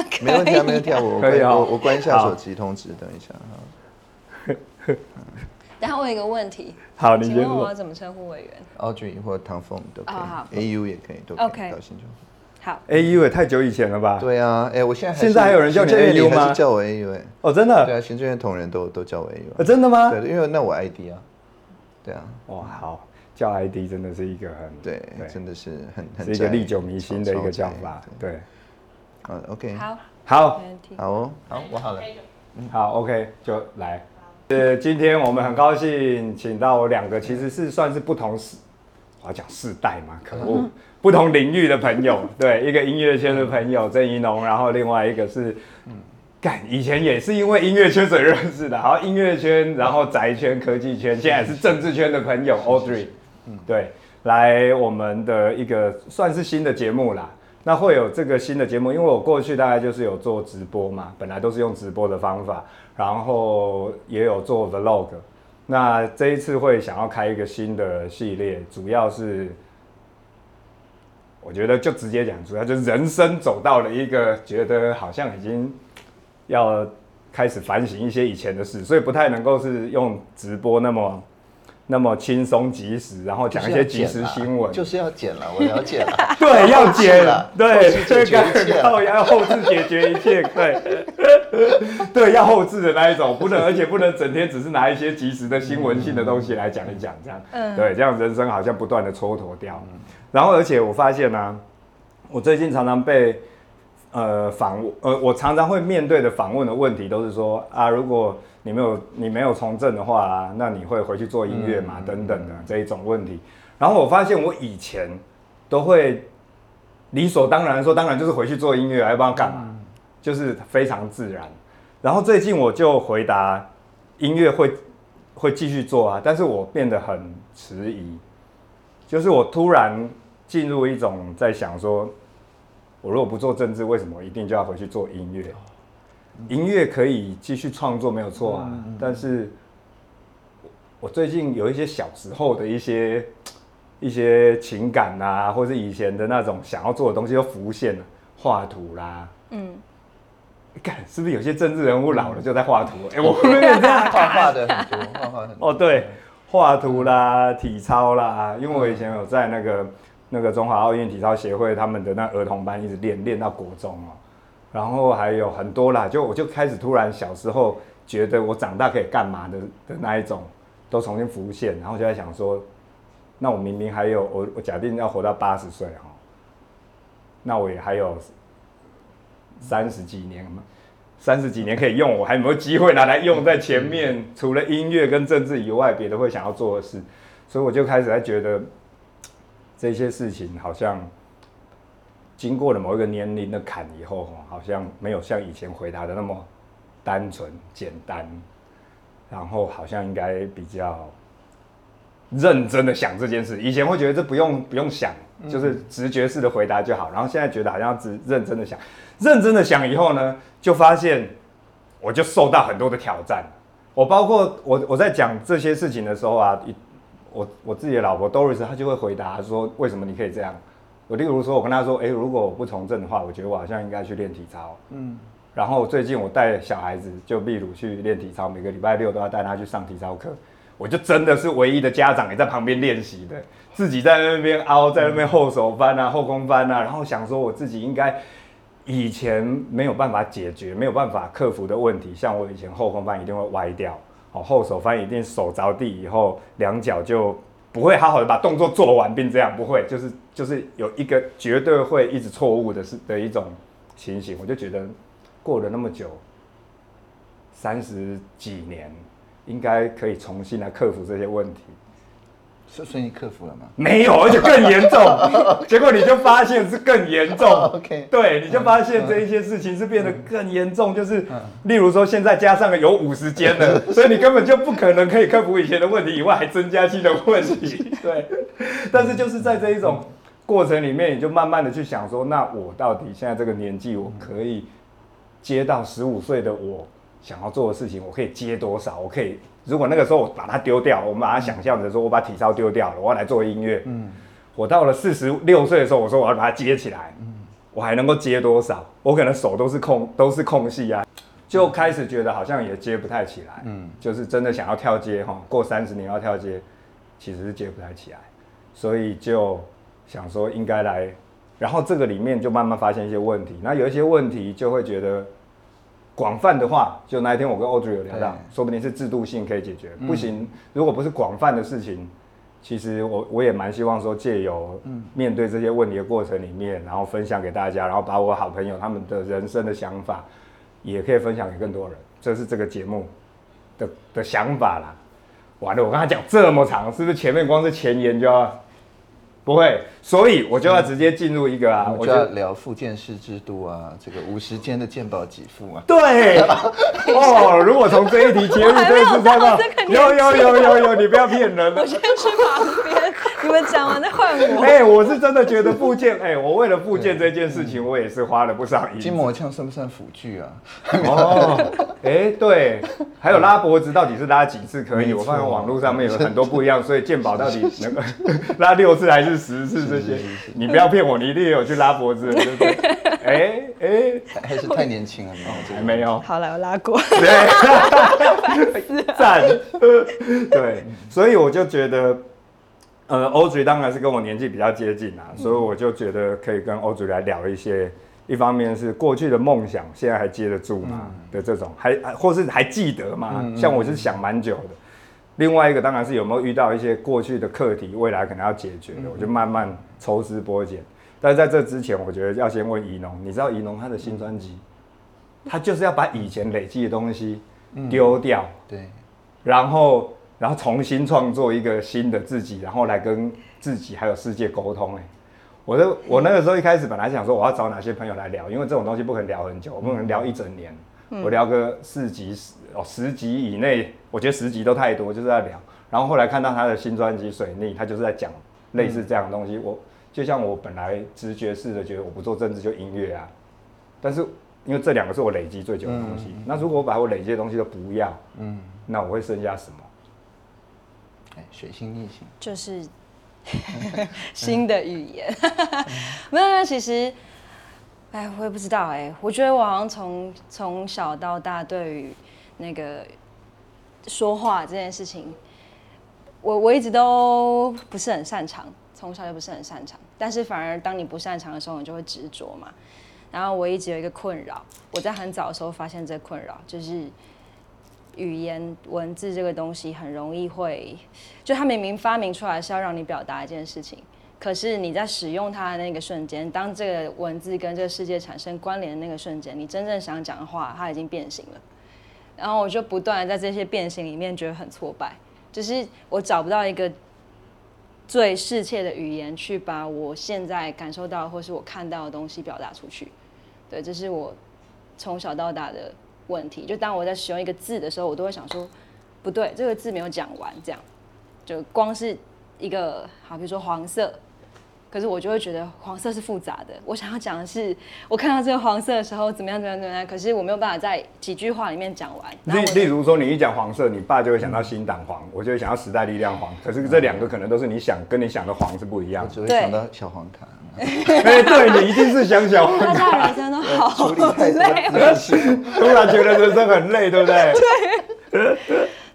啊、沒問題、啊，沒問題，我可以，啊，我關、哦、我關一下手機通知，等一下哈。然後問一個問題，好，請問我怎麼稱呼委員？Audrey 或唐鳳都可以。哦、a u 也可以、哦、都可以、哦、可以 OK。到新中好，AU 也太久以前了吧？對啊，哎、欸，我現在現在還有人叫 AU 嗎？還是叫我 AU？、欸、哦，真的？對啊，行政院同仁都都叫我 AU、欸哦。真的嗎？對，因為那我 ID 啊，對啊。哇，好，叫 ID 真的是一個很對，真的是很是一個歷久彌新的一個叫法，對。好，OK，好，好、PNT，好，好，我好了，嗯、好，OK，就來。呃，今天我們很高興請到兩個，其實是算是不同世、嗯，我要講世代嘛，可惡、嗯，不同領域的朋友，對，一個音樂圈的朋友鄭宜農，然後另外一個是，幹、嗯，以前也是因為音樂圈所認識的，好，音樂圈，然後宅圈、嗯、科技圈，現在是政治圈的朋友 Audrey 嗯，對，來我們的一個算是新的節目啦。那會有這個新的節目，因為我過去大概就是有做直播嘛，本來都是用直播的方法，然後也有做 Vlog。那這一次會想要開一個新的系列，主要是我覺得就直接講，主要就是人生走到了一個覺得好像已經要開始反省一些以前的事，所以不太能夠是用直播那麼。那麼輕鬆即時，然後講一些即時新聞、就是，就是要剪了，我了解了。 對，要剪 了。對，就感到要後置解決一切。 對，對，要後置的那一種，不能，而且不能整天只是拿一些即時的新聞性的東西來講一講，這樣。嗯。對，這樣人生好像不斷的蹉跎掉。然後，而且我發現呢、啊，我最近常常被呃訪問，呃，我常常會面對的訪問的問題都是說啊，如果。你沒有你沒有從政的話、啊，那你會回去做音樂嘛、嗯？等等的這一種問題、嗯嗯。然後我發現我以前都會理所當然說，當然就是回去做音樂，要不然幹嘛、嗯？就是非常自然。然後最近我就回答，音樂會會繼續做啊，但是我變得很遲疑，就是我突然進入一種在想說，我如果不做政治，為什麼一定就要回去做音樂？音樂可以繼續創作，沒有錯啊。嗯、但是，我最近有一些小時候的一些、嗯、一些情感啊，或是以前的那種想要做的東西，又浮現了。畫圖啦，嗯，看是不是有些政治人物老了就在畫圖？哎、嗯欸嗯，我後面這樣畫、啊、畫的很多，畫畫很多。哦，對，畫圖啦、嗯，體操啦，因為我以前有在那個、嗯、那個中華奧運體操協會他們的那兒童班一直練，練到國中、啊然後還有很多啦，就我就開始突然小時候覺得我長大可以幹嘛的的那一種都重新浮現，然後就在想說，那我明明還有我我假定要活到八十歲哈、哦，那我也還有三十幾年，三十幾年可以用，我還有沒有機會拿來用在前面、嗯、除了音樂跟政治以外，別的會想要做的事，所以我就開始在覺得這些事情好像。經過了某一個年齡的坎以後，好像沒有像以前回答的那麼單純簡單，然後好像應該比較認真的想這件事。以前會覺得這不用不用想，就是直覺式的回答就好。嗯、然後現在覺得好像要認真的想，認真的想以後呢，就發現我就受到很多的挑戰。我包括我我在講這些事情的時候啊，我我自己的老婆 Doris 她就會回答說：為什麼你可以這樣？我例如說，我跟他說，哎、欸，如果我不從政的話，我覺得我好像應該去練體操。嗯，然後最近我帶小孩子就例如去練體操，每個禮拜六都要帶他去上體操課。我就真的是唯一的家長，也在旁邊練習的，自己在那邊凹，在那邊後手翻啊，嗯、後空翻啊。然後想說，我自己應該以前沒有辦法解決、沒有辦法克服的問題，像我以前後空翻一定會歪掉，好，後手翻一定手着地以後，兩腳就不會好好的把動作做完，並這樣不會就是。就是有一個絕對會一直錯誤的是的一種情形，我就覺得過了那麼久三十幾年，應該可以重新來克服這些問題，所以你克服了嗎？沒有，而且更嚴重。 結果你就發現是更嚴重。OK， 對，你就發現這一些事情是變得更嚴重。就是例如說，現在加上了有五十間了，所以你根本就不可能可以克服以前的問題，以外還增加新的問題。對， 但是就是在這一種。過程裡面，你就慢慢的去想說，那我到底現在這個年紀，我可以接到十五歲的我想要做的事情，我可以接多少？我可以如果那個時候我把它丟掉了，我們把它想象着說，我把體操丟掉了，我要來做音樂。嗯，我到了四十六歲的時候，我說我要把它接起來。嗯，我還能夠接多少？我可能手都是空，都是空隙啊，就開始覺得好像也接不太起來。嗯，就是真的想要跳接哈，過三十年要跳接，其實是接不太起來，所以就。想說應該來，然後這個裡面就慢慢發現一些問題，那有一些問題就會覺得廣泛的話，就那一天我跟 Audrey 有聊到，說不定是制度性可以解決。不行，如果不是廣泛的事情，其實我我也蠻希望說借由面對這些問題的過程裡面，然後分享給大家，然後把我好朋友他們的人生的想法也可以分享給更多人，這是這個節目的的想法啦。完了，我剛才講這麼長，是不是前面光是前言就要？不會，所以我就要直接進入一個啊、嗯，我就要聊復健師制度啊、嗯，這個五十肩的健保給付啊，對，哦， 如果從這一題切入，這是真到。有有有有有，你不要騙人，我先去旁邊。 你們講完再換我。哎、欸，我是真的覺得復健，哎、欸，我為了復健這件事情，我也是花了不少。筋膜槍算不算輔具啊？哦，哎、 欸，對，還有拉脖子到底是拉幾次可以？嗯、我發現網絡上面有很多不一樣，嗯、所以健保到底能是是是是拉六次還是十次這些？是是是，你不要騙我，你一定也有去拉脖子，是是對是是，對不對？哎哎、欸欸，還是太年輕了，沒有。沒有。好了，我拉過。對。讚、 啊呃。對，所以我就覺得。呃、嗯，Audrey 當然是跟我年紀比較接近啊，所以我就覺得可以跟 Audrey 來聊一些，嗯，一方面是過去的夢想，現在還接得住嗎的，嗯、這種，還或是還記得嗎、嗯？像我是想蠻久的，嗯。另外一個當然是有沒有遇到一些過去的課題，未來可能要解決的，的，嗯，我就慢慢抽絲剝繭。嗯、但是在這之前，我覺得要先問宜農，你知道宜農他的新專輯，嗯，他就是要把以前累積的東西丟掉，對、嗯，然後。然後重新創作一個新的自己，然後來跟自己還有世界溝通。哎，我都我那個時候一開始本來想說我要找哪些朋友來聊，因為這種東西不可能聊很久，我不可能聊一整年，我聊個四集、哦、十哦十集以內，我覺得十集都太多，就是在聊。然後後來看到他的新專輯《水逆》，他就是在講類似這樣的東西。我就像我本來直覺式的覺得我不做政治就音樂啊，但是因為這兩個是我累積最久的東西，嗯、那如果我把我累積的東西都不要，嗯，那我會剩下什麼？血腥逆行，就是 新的語言。沒有，其實，哎，我也不知道。哎，我覺得我好像從從小到大，對於那個說話這件事情，我我一直都不是很擅長，從小就不是很擅長。但是，反而當你不擅長的時候，你就會執着嘛。然後，我一直有一個困擾，我在很早的時候發現這個困擾，就是。語言文字這個東西很容易會，就它明明發明出來是要讓你表達一件事情，可是你在使用它的那個瞬間，當這個文字跟這個世界產生關聯的那個瞬間，你真正想講的話它已經變形了。然後我就不斷的在這些變形裡面覺得很挫敗，就是我找不到一個最適切的語言去把我現在感受到或是我看到的東西表達出去。對，這是我從小到大的。問題，就當我在使用一個字的時候，我都會想說，不對，這個字沒有講完，這樣。就光是一個，好，比如說黃色。可是我就會覺得黃色是複雜的。我想要講的是，我看到這個黃色的時候怎麼樣怎麼樣怎麼樣。可是我沒有辦法在幾句話裡面講完例。例例如說，你一講黃色，你爸就會想到新黨黃，我就會想到時代力量黃。可是這兩個可能都是你想跟你想的黃是不一樣、嗯。的。就會想到小黃糖、啊。哎、 欸，對，你一定是想小黃糖。哎， 對，你那人真的好累，突 然 覺得人生很累，對不對？對，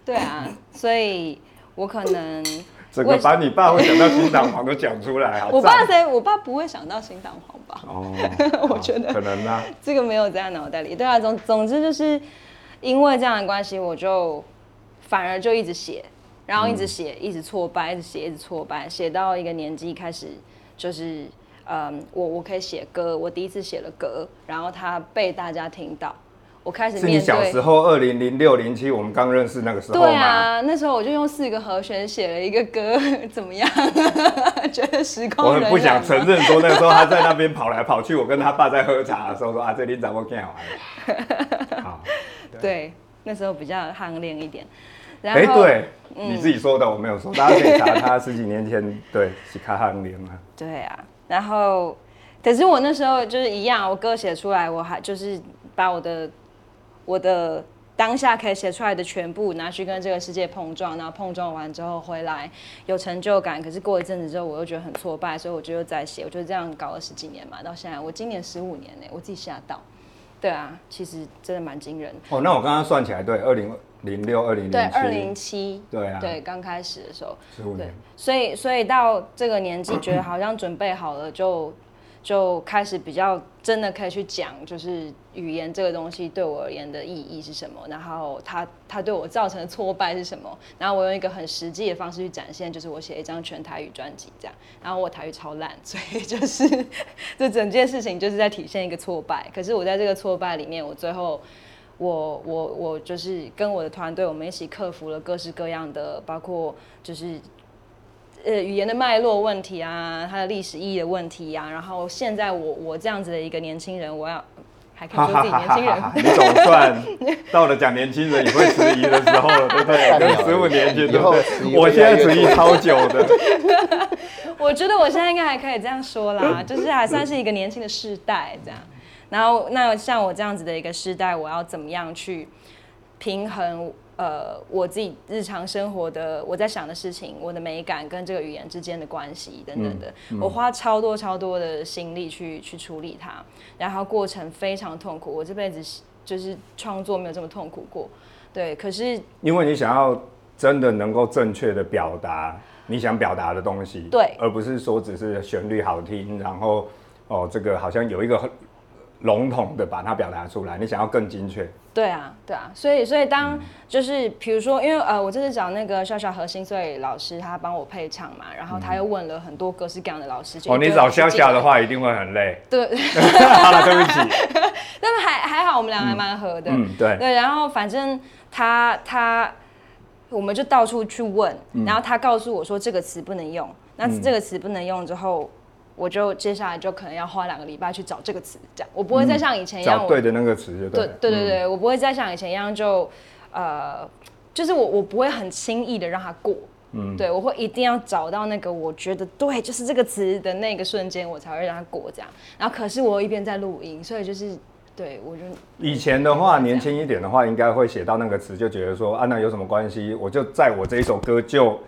對啊，所以我可能。整個把你爸會想到心臟病都講出來、啊， 我爸誰？我爸不會想到心臟病吧？哦， 我覺得可能啊，這個沒有在腦袋裡。對啊，總總之就是因為這樣的關係，我就反而就一直寫，然後一直寫，一直挫敗，一直寫，一直挫敗，寫到一個年紀開始，就是嗯，我我可以寫歌，我第一次寫了歌，然後他被大家聽到。我開始是你小時候，二零零六零七，2006, 2007, 我們剛認識那個時候嗎？對啊，那時候我就用四個和弦寫了一個歌，怎麼樣？ 覺得時空。我很不想承認說那時候他在那邊跑來跑去， 我跟他爸在喝茶的時候說 啊，這裡怎麼更好玩？對，那時候比較夯練一點。哎、欸，對、嗯，你自己說的，我沒有說。大家可以查他十幾年前 對是卡夯練嘛？對啊，然後，可是我那時候就是一樣，我歌寫出來，我還就是把我的。我的當下可以寫出來的全部拿去跟這個世界碰撞，然後碰撞完之後回來有成就感。可是過一陣子之後我又覺得很挫敗，所以我就又在寫。我覺得這樣搞了十幾年嘛，到現在我今年十五年呢、欸，我自己嚇到。對啊，其實真的蠻驚人的。哦，那我剛剛算起來，對，二零零六、二零零七。對，二零七。對啊。對，剛開始的時候。十五年對。所以，所以到這個年紀，覺得好像準備好了就。就開始比較真的可以去講，就是語言這個東西對我而言的意義是什麼，然後它它對我造成的挫敗是什麼，然後我用一個很實際的方式去展現，就是我寫一張全台語專輯這樣，然後我台語超爛，所以就是 這整件事情就是在體現一個挫敗。可是我在這個挫敗裡面，我最後我我我就是跟我的團隊我們一起克服了各式各樣的，包括就是。呃，語言的脈絡問題啊，它的歷史意義的問題啊，然後現在我我這樣子的一個年輕人，我要還可以說自己年輕人？哈哈哈哈哈哈 你總算 到了講年輕人也會遲疑的時候 對對對了，對不對？十五年前， 對不我現在遲疑超久的。 我覺得我現在應該還可以這樣說啦，就是還算是一個年輕的世代這樣。然後那像我這樣子的一個世代，我要怎麼樣去平衡？呃，我自己日常生活的我在想的事情，我的美感跟這個語言之間的關係等等的，嗯嗯，我花超多超多的心力去去處理它，然後過程非常痛苦。我這輩子就是創作沒有這麼痛苦過，對。可是因為你想要真的能夠正確的表達你想表達的東西，對，而不是說只是旋律好聽，然後哦，呃，這個好像有一個。籠統地把它表達出來，你想要更精確？對啊，對啊，所以所以當、嗯、就是比如說，因為呃，我這次找那個笑笑核心，所以老師他幫我配唱嘛，然後他又問了很多各式各樣的老師。嗯、哦，你找笑笑的話，一定會很累。對， 好了，對不起。那 還還好，我們兩個還蠻合的嗯。嗯，對。對，然後反正他他，他，我們就到處去問、嗯，然後他告訴我說這個詞不能用，那這個詞不能用之後。嗯我就接下來就可能要花兩個禮拜去找這個詞，這樣我不會再像以前一樣、嗯、找對的那個詞就對。對對對對、嗯，我不會再像以前一樣就，呃，就是我我不會很輕易的讓它過，嗯，對，我會一定要找到那個我覺得對就是這個詞的那個瞬間，我才會讓它過這樣。然後可是我一邊在錄音，所以就是對，我就以前的話、嗯、年輕一點的話，應該會寫到那個詞就覺得說啊那有什麼關係，我就在我這一首歌就。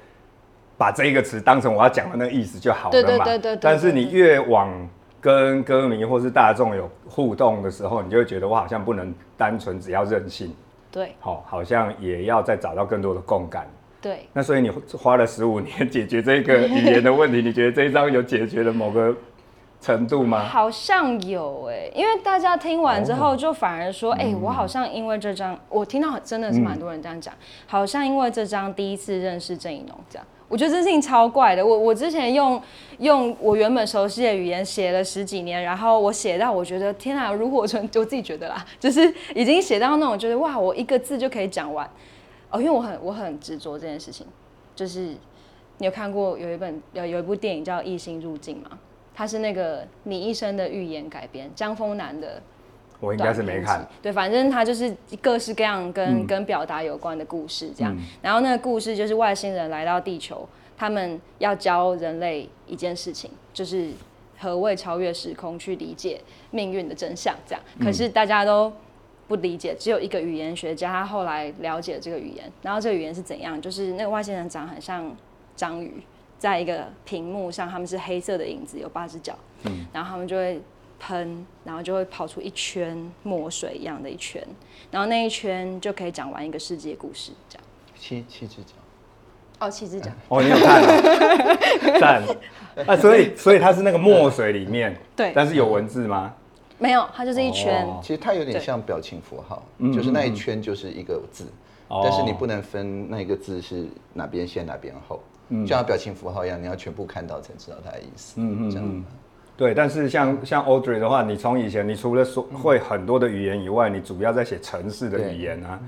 把這一個詞當成我要講的那個意思就好了嘛。對對，但是你越往跟歌迷或是大眾有互動的時候，你就會覺得我好像不能單純只要任性。對。好，好像也要再找到更多的共感。對。那所以你花了十五年解決這個語言的問題，你覺得這張有解決了某個程度嗎？好像有誒、欸，因為大家聽完之後就反而說，哎、欸，我好像因為這張，我聽到真的是蠻多人這樣講，好像因為這張第一次認識鄭宜農這樣。我覺得這事情超怪的。我我之前用用我原本熟悉的語言寫了十幾年，然後我寫到我覺得天啊，如果我我自己覺得啦，就是已經寫到那種覺得哇，我一個字就可以講完。哦，因為我很我很執着這件事情。就是你有看過有一本有有一部電影叫《異星入境》嗎？它是那個《你一生的預言》改編，姜峯楠的。我應該是沒看對。對，反正他就是各式各樣跟、嗯、跟表達有關的故事，這樣、嗯。然後那個故事就是外星人來到地球，他們要教人類一件事情，就是何謂超越時空去理解命運的真相，這樣。可是大家都不理解，只有一個語言學家他後來了解這個語言。然後這個語言是怎樣？就是那個外星人長得很像章魚，在一個屏幕上，他們是黑色的影子，有八隻腳。嗯，然後他們就會。.噴，然後就會跑出一圈墨水一樣的一圈，然後那一圈就可以講完一個世界故事，這樣。七七隻腳。哦，七隻腳。 哦，你有看、啊？讚 啊！所以，所以它是那個墨水裡面。對。但是有文字嗎？沒有，它就是一圈。哦、其實它有點像表情符號，就是那一圈就是一個字，嗯、但是你不能分那個字是哪邊先哪邊後，像、嗯、表情符號一樣，你要全部看到才知道它的意思。嗯嗯，嗯。這樣。對，但是像像 Audrey 的話，你從以前，你除了說會很多的語言以外，你主要在寫程式的語言啊。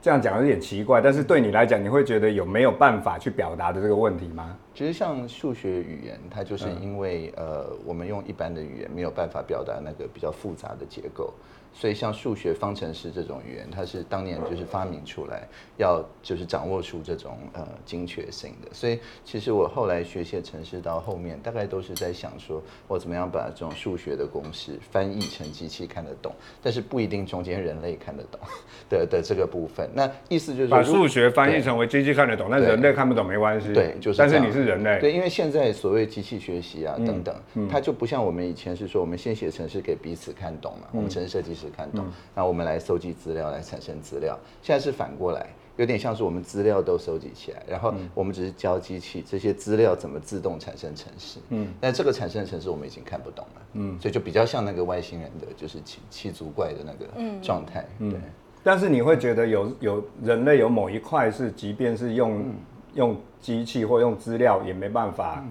這樣講有點奇怪，但是對你來講，你會覺得有沒有辦法去表達的這個問題嗎？其實像數學語言，它就是因為、嗯、呃，我們用一般的語言沒有辦法表達那個比較複雜的結構。所以像數學方程式這種語言，它是當年就是發明出來要就是掌握出這種呃精確性的。所以其實我後來學寫程式到後面，大概都是在想說，我怎麼樣把這種數學的公式翻譯成機器看得懂，但是不一定中間人類看得懂的的這個部分。那意思就是把數學翻譯成為機器看得懂，那人類看不懂沒關係。對，就是。但是你是人類。對，因為現在所謂機器學習啊等等，嗯嗯，它就不像我們以前是說，我們先寫程式給彼此看懂嘛，嗯、我們程式設計師。看懂，那、嗯、我們來收集資料，來產生資料。現在是反過來，有點像是我們資料都收集起來，然後我們只是教機器這些資料怎麼自動產生程式。嗯，但這個產生的程式我們已經看不懂了。嗯，所以就比較像那個外星人的，就是七七足怪的那個狀態、嗯。對，但是你會覺得有有人類有某一塊是，即便是用、嗯、用機器或用資料也沒辦法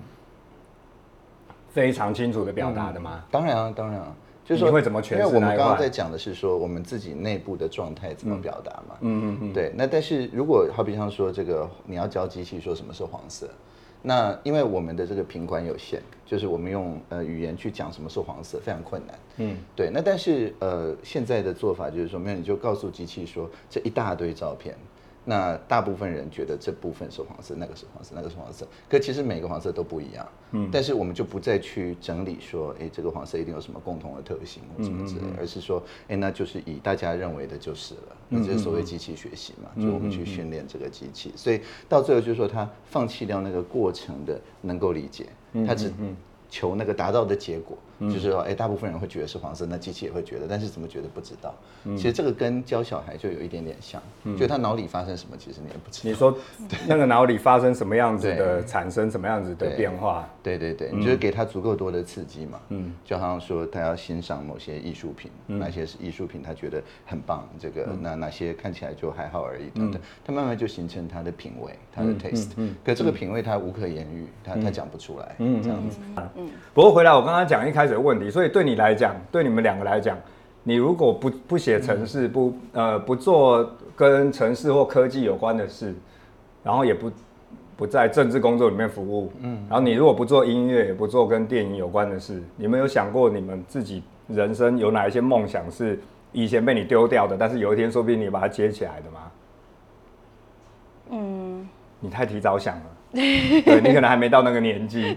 非常清楚地表達的嗎、嗯？當然啊，當然啊。就是說，因為我們剛剛在講的是說，我們自己內部的狀態怎麼表達嘛嗯。嗯嗯嗯。對，那但是如果好比方說這個你要教機器說什麼是黃色，那因為我們的這個頻寬有限，就是我們用呃語言去講什麼是黃色非常困難。嗯。對，那但是呃現在的做法就是說，沒有你就告訴機器說這一大堆照片。那大部分人覺得這部分是黃色，那個是黃色，那個是黃色。可其實每個黃色都不一樣。嗯,嗯,嗯,嗯,嗯,嗯,嗯,嗯，但是我們就不再去整理說，哎、欸，這個黃色一定有什麼共同的特性什麼之類，而是說，哎、欸，那就是以大家認為的就是了。嗯嗯嗯嗯是欸、那就是所謂機器學習嘛，就我們去訓練這個機器，所以到最後就是說他放棄掉那個過程的能夠理解，他、嗯嗯嗯嗯嗯嗯、只求那個達到的結果。嗯、就是說，哎，大部分人會覺得是黃色，那機器也會覺得，但是怎麼覺得不知道？嗯、其實這個跟教小孩就有一點點像，嗯、就他腦裡發生什麼，其實你也不知道。你說那個腦裡發生什麼樣子的，產生什麼樣子的變化？對對，對對，你就是給他足夠多的刺激嘛？嗯，就好像說他要欣賞某些藝術品，哪、嗯、些是藝術品，他覺得很棒，這個、嗯、那哪些看起來就還好而已，等、嗯、等，他慢慢就形成他的品味，嗯、他的 taste、嗯嗯。可這個品味他無可言喻，嗯、他他講不出來。嗯，這樣子。嗯，嗯不過回來，我剛剛講一開。問題，所以對你來講，對你們兩個來講，你如果不不寫程式，不呃不做跟程式或科技有關的事，然後也不不在政治工作裡面服務，嗯，然後你如果不做音樂，嗯、也不做跟電影有關的事，你們有，有想過你們自己人生有哪一些夢想是以前被你丟掉的，但是有一天說不定你把它接起來的嗎？嗯，你太提早想了。嗯、對，你可能還沒到那個年紀，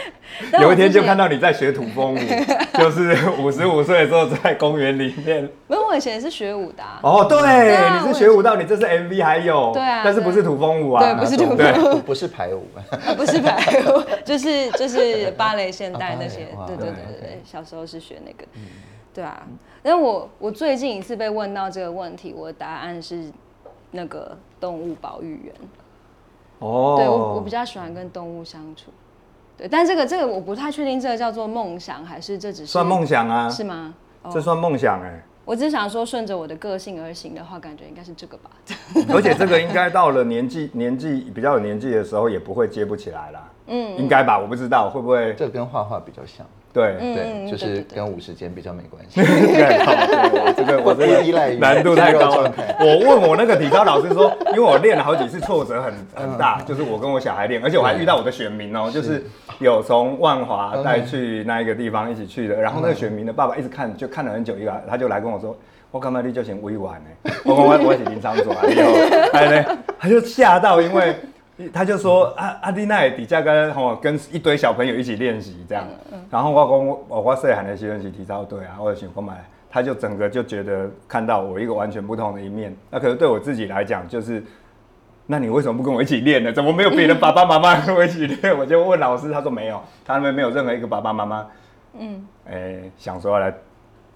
有一天就看到你在學土風舞， 就是五十五歲的時候在公園裡面。沒有，我以前是學舞的啊。哦，對，嗯對啊，你是學舞蹈，你這是 MV 還有，對啊，但是不是土風舞啊？對，不是土風舞，不是排舞， 不是排舞，就是就是芭蕾現代那些。 對對對對對，okay. 小時候是學那個，對啊。因為我我最近一次被問到這個問題，我的答案是那個動物保育員。哦、oh. 對，我我比較喜歡跟動物相處，對，但這個這個我不太確定，這個叫做夢想還是這只是算夢想啊？是嗎？Oh. 這算夢想哎、欸。我只想說，順着我的個性而行的話，感覺應該是這個吧。而且這個應該到了年紀 年紀比較有年紀的時候，也不會接不起來了。嗯，嗯，應該吧？我不知道會不會這跟畫畫比較像。對嗯嗯對，就是跟五十肩比較沒關係。好，這個我這個難度太高了。我問我那個體操老師說，因為我練了好幾次，挫折很很大、嗯。就是我跟我小孩練，而且我還遇到我的選民哦、喔，就是有從萬華帶去那一個地方一起去的。然後那個選民的爸爸一直看，就看了很久以來，一個他就來跟我說，我剛剛練就嫌委婉呢，我我說我我緊張死了。然後呢，他就嚇到，因為。他就說、嗯、啊，阿迪奈底下跟吼跟一堆小朋友一起練習這樣、嗯嗯，然後我跟、哦、我花社還那些練習體操隊啊或者什麼嘛，他就整個就覺得看到我一個完全不同的一面。那、啊、可能對我自己來講，就是那你為什麼不跟我一起練呢？怎麼沒有別的爸爸媽媽跟我一起練、嗯？我就問老師，他說沒有，他們沒有任何一個爸爸媽媽，嗯，哎、欸，想說要來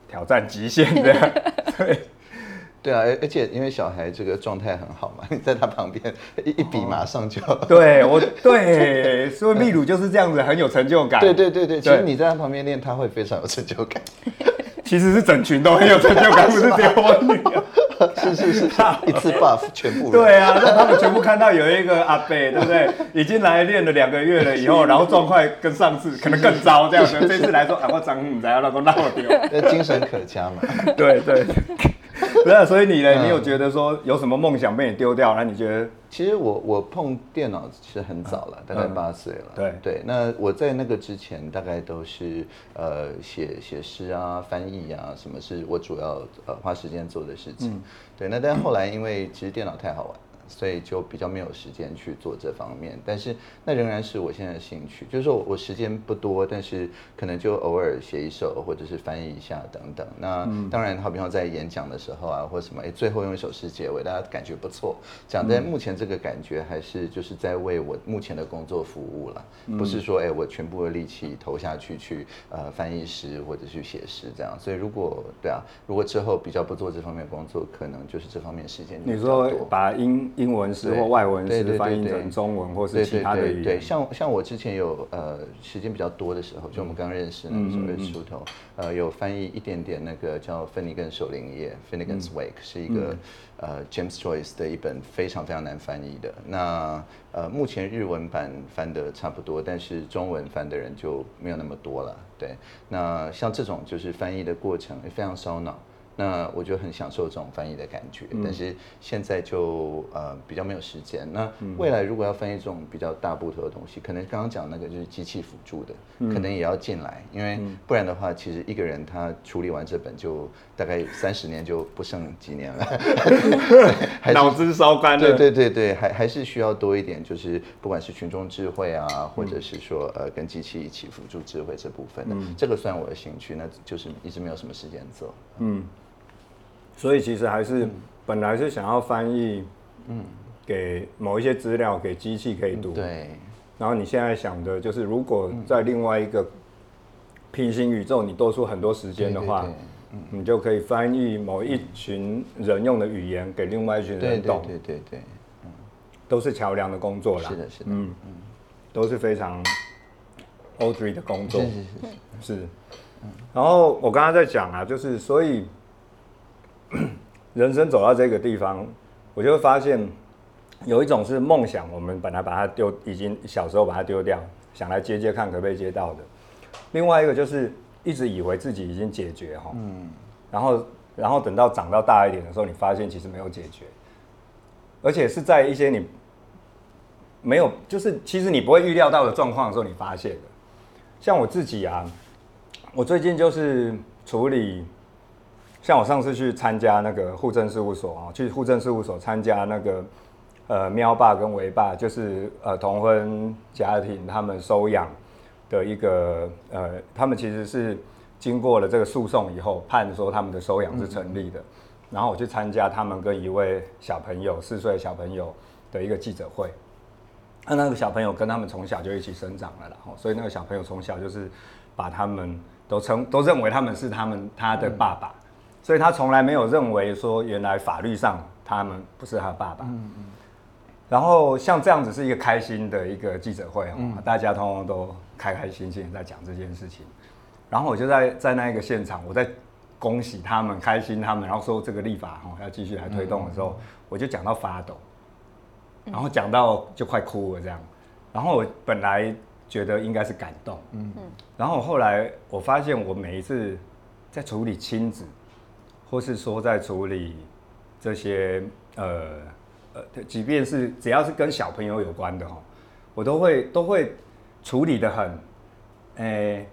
挑戰極限這樣。嗯 對啊，而而且因為小孩這個狀態很好嘛，你在他旁邊一一比馬上就、嗯、 對我對，所以秘魯就是這樣子很有成就感。對對對對，其實你在他旁邊練，他會非常有成就感。其實是整群都很有成就感， 不是只有我女兒 是，是是是，一次 buff 全部。 對啊，那他們全部看到有一個阿貝， 對不對？已經來練了兩個月了，以後 是是然後狀態跟上次可能更糟，這樣子。 是是這次來說 啊，我張你還要那個鬧丟，那精神可嘉嘛。 對對，那、 啊、所以你呢？你有覺得說有什麼夢想被你丟掉？那你覺得？其實我我碰電腦是很早了，嗯，大概八歲了。嗯，對對，那我在那個之前，大概都是呃寫寫詩啊、翻譯啊，什麼是我主要呃花時間做的事情，嗯。對，那但後來因為其實電腦太好玩。所以就比較沒有時間去做這方面，但是那仍然是我現在的興趣，就是說我時間不多，但是可能就偶爾寫一首或者是翻譯一下等等。那當然，好比方在演講的時候啊，或什麼，哎，最後用一首詩結尾，大家感覺不錯。講在目前這個感覺還是就是在為我目前的工作服務了，不是說哎我全部的力氣投下去去呃翻譯詩或者去寫詩這樣。所以如果對啊，如果之後比較不做這方面工作，可能就是這方面時間。你說把音。英文詩或外文詩翻譯成中文，或是其他的語言，對，對，像像我之前有呃時間比較多的時候，就我們剛認識那時候跟初頭，呃，有翻譯一點點那個叫《芬尼根守靈夜 f i n n g a n s Wake） 是一個呃 James Joyce 的一本非常非常難翻譯的。那呃目前日文版翻的差不多，但是中文翻的人就沒有那麼多了。對，那像這種就是翻譯的過程也非常燒腦。那我就很享受這種翻譯的感覺，嗯，但是現在就呃比較沒有時間。那未來如果要翻譯這種比較大部頭的東西，嗯、可能剛剛講那個就是機器輔助的、嗯，可能也要進來，因為不然的話，其實一個人他處理完這本就大概三十年就不剩幾年了，腦子燒乾了。對對對對，還還是需要多一點，就是不管是群眾智慧啊、嗯，或者是說呃跟機器一起輔助智慧這部分的、嗯，這個算我的興趣，那就是一直沒有什麼時間做。嗯。嗯所以其實還是本來是想要翻譯，嗯，給某一些資料給機器可以讀。對。然後你現在想的就是，如果在另外一個平行宇宙，你多出很多時間的話，你就可以翻譯某一群人用的語言給另外一群人懂。對對對，都是橋樑的工作啦，是的，是的。嗯嗯，都是非常 auxiliary 的工作。是是是是。是，是。然後我剛剛在講啊，就是所以。人生走到這個地方，我就會發現，有一種是夢想，我們本來把它丟，已經小時候把它丟掉，想來接接看可不可以接到的；另外一個就是一直以為自己已經解決哈、喔，嗯，然後然後等到長到大一點的時候，你發現其實沒有解決，而且是在一些你沒有，就是其實你不會預料到的狀況的時候，你發現的。像我自己啊，我最近就是處理。像我上次去參加那個戶政事務所啊，去戶政事務所參加那個呃，喵爸跟維爸就是呃同婚家庭他們收養的一個呃，他們其實是經過了這個訴訟以後判說他們的收養是成立的，嗯嗯、然後我去參加他們跟一位小朋友四歲小朋友的一個記者會，那那個小朋友跟他們從小就一起生長了啦，然後所以那個小朋友從小就是把他們都稱都認為他們是他們他的爸爸。嗯所以他從來沒有認為說原來法律上他們不是他的爸爸。然後像這樣子是一個開心的一個記者會，大家通通都開開心心在講這件事情。然後我就在在那一個現場，我在恭喜他們、開心他們，然後說這個立法哈要繼續來推動的時候，我就講到發抖，然後講到就快哭了這樣。然後我本來覺得應該是感動，嗯。然後後來我發現我每一次在處理親子。或是說在處理這些呃呃，即便是只要是跟小朋友有關的哦，我都會都會處理得很，誒、欸，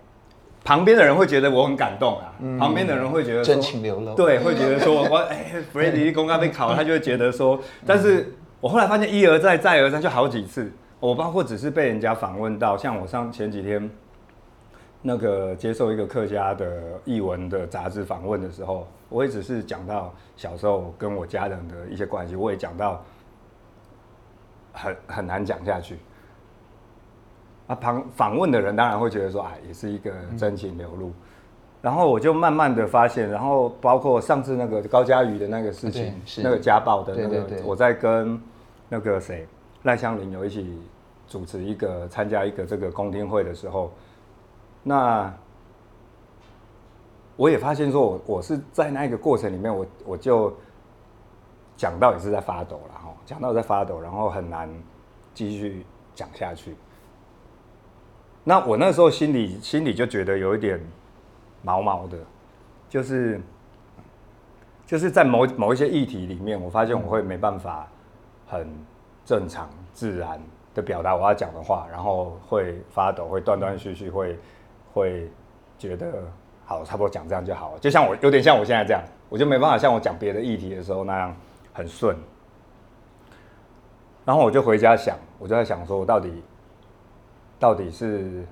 旁邊的人會覺得我很感動啊、嗯，旁邊的人會覺得真情流露，對、嗯，會覺得說，我哎，Freddy 的公告被考、嗯、他就會覺得說、嗯，但是我後來發現一而再再而三就好幾次，嗯、我包括只是被人家訪問到，像我上前幾天。那個接受一個客家的藝文的雜誌訪問的時候，我也只是講到小時候跟我家人的一些關係，我也講到很很難講下去。啊，旁訪問的人當然會覺得說，哎、啊，也是一個真情流露、嗯。然後我就慢慢的發現，然後包括上次那個高嘉瑜的那個事情，啊、那個家暴的那個，我在跟那個誰賴香伶有一起主持一個參加一個這個公聽會的時候。那我也發現，說我我是在那一個過程裡面，我我就講到也是在發抖了哈，講到在發抖，然後很難繼續講下去。那我那時候心裡心裡就覺得有一點毛毛的，就是就是在某某一些議題裡面，我發現我會沒辦法很正常自然的表達我要講的話，然後會發抖，會斷斷續續會。會覺得好，差不多講這樣就好了。就像我有點像我現在這樣，我就沒辦法像我講別的議題的時候那樣很順。然後我就回家想，我就在想說，我到底到底是，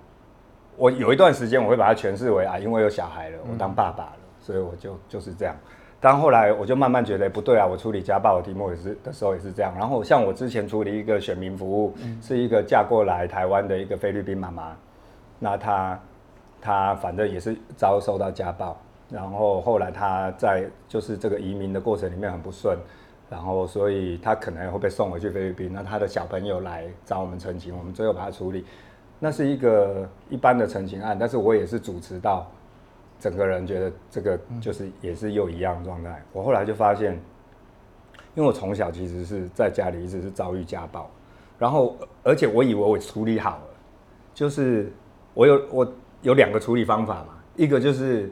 我有一段時間我會把它詮釋為啊，因為有小孩了，我當爸爸了，嗯。所以我就就是這樣。但後來我就慢慢覺得不對啊，我處理家暴的題目也是的時候也是這樣。然後像我之前處理一個選民服務，是一個嫁過來台灣的一個菲律賓媽媽，那她。他，反正也是遭受到家暴，然後後來他在就是這個移民的過程裡面很不順，然後所以他可能會被送回去菲律賓。那他的小朋友來找我們陳情，我們最後把他處理。那是一個一般的陳情案，但是我也是主持到，整個人覺得這個就是也是又一樣狀態。我後來就發現，因為我從小其實是在家裡一直是遭遇家暴，然後而且我以為我處理好了，就是我有我。有兩個處理方法嘛，一個就是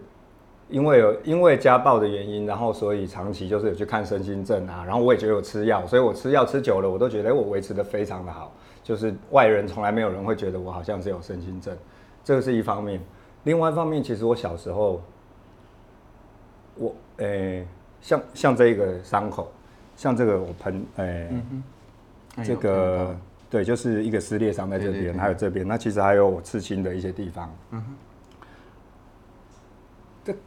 因為因為家暴的原因，然後所以長期就是有去看身心症啊，然後我也覺得有吃藥，所以我吃藥吃久了，我都覺得我維持得非常的好，就是外人從來沒有人會覺得我好像是有身心症。這個是一方面，另外一方面其實我小時候，我誒、欸，像像這個傷口，像這個我噴誒、這個。對，就是一個撕裂傷在這邊，欸欸欸，還有這邊。那其實還有我刺青的一些地方。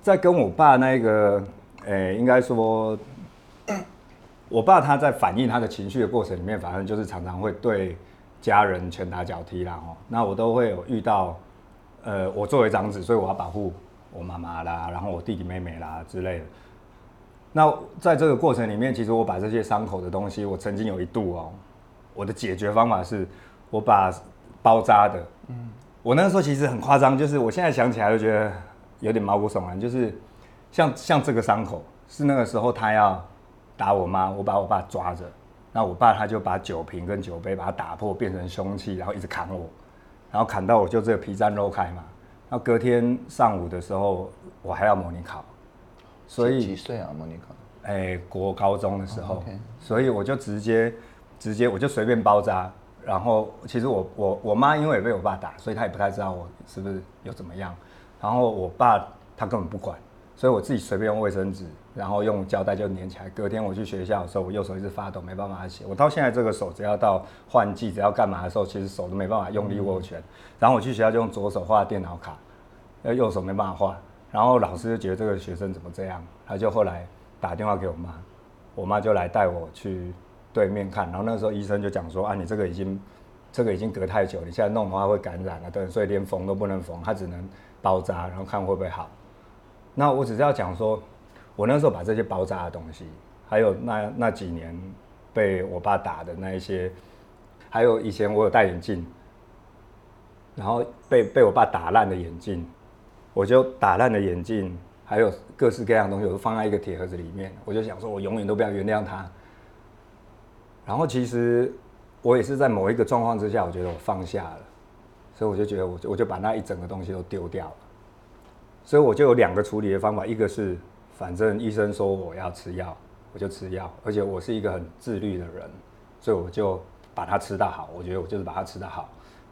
在，嗯、跟我爸那個，欸，應該說，我爸他在反映他的情緒的過程裡面，反正就是常常會對家人拳打腳踢啦，喔，那我都會有遇到，呃，我作為長子，所以我要保護我媽媽啦，然後我弟弟妹妹啦之類的。那在這個過程裡面，其實我把這些傷口的東西，我曾經有一度哦，喔。我的解決方法是，我把包紮的，嗯，我那個時候其實很誇張，就是我現在想起來就覺得有點毛骨悚然，就是像像這個傷口，是那個時候他要打我媽，我把我爸抓着，那我爸他就把酒瓶跟酒杯把它打破變成凶器，然後一直砍我，然後砍到我就這個皮綻肉開嘛。然後隔天上午的時候我還要模擬考，所以幾歲啊？模擬考？哎，國高中的時候，所以我就直接。直接我就隨便包扎，然後其實我我我媽因為也被我爸打，所以她也不太知道我是不是又怎麼樣。然後我爸他根本不管，所以我自己隨便用衛生紙，然後用膠帶就粘起來。隔天我去學校的時候，我右手一直發抖，沒辦法寫。我到現在這個手，只要到換季，只要幹嘛的時候，其實手都沒辦法用力握拳。嗯、然後我去學校就用左手畫電腦卡，呃，右手沒辦法畫。然後老師就覺得這個學生怎麼這樣，他就後來打電話給我媽，我媽就來帶我去。對面看，然後那時候醫生就講說啊，你這個已經，這個已經隔太久，你現在弄的話會感染了，啊，對，所以連縫都不能縫，它只能包紮，然後看會不會好。那我只是要講說，我那時候把這些包紮的東西，還有那那幾年被我爸打的那一些，還有以前我有戴眼鏡，然後被被我爸打爛的眼鏡，我就打爛的眼鏡，還有各式各樣的東西，我都放在一個鐵盒子裡面。我就想說，我永遠都不要原諒他。然後其實我也是在某一個狀況之下，我覺得我放下了，所以我就覺得我就我就把那一整個東西都丟掉了。所以我就有兩個處理的方法，一個是反正醫生說我要吃藥，我就吃藥，而且我是一個很自律的人，所以我就把它吃到好。我覺得我就是把它吃得好，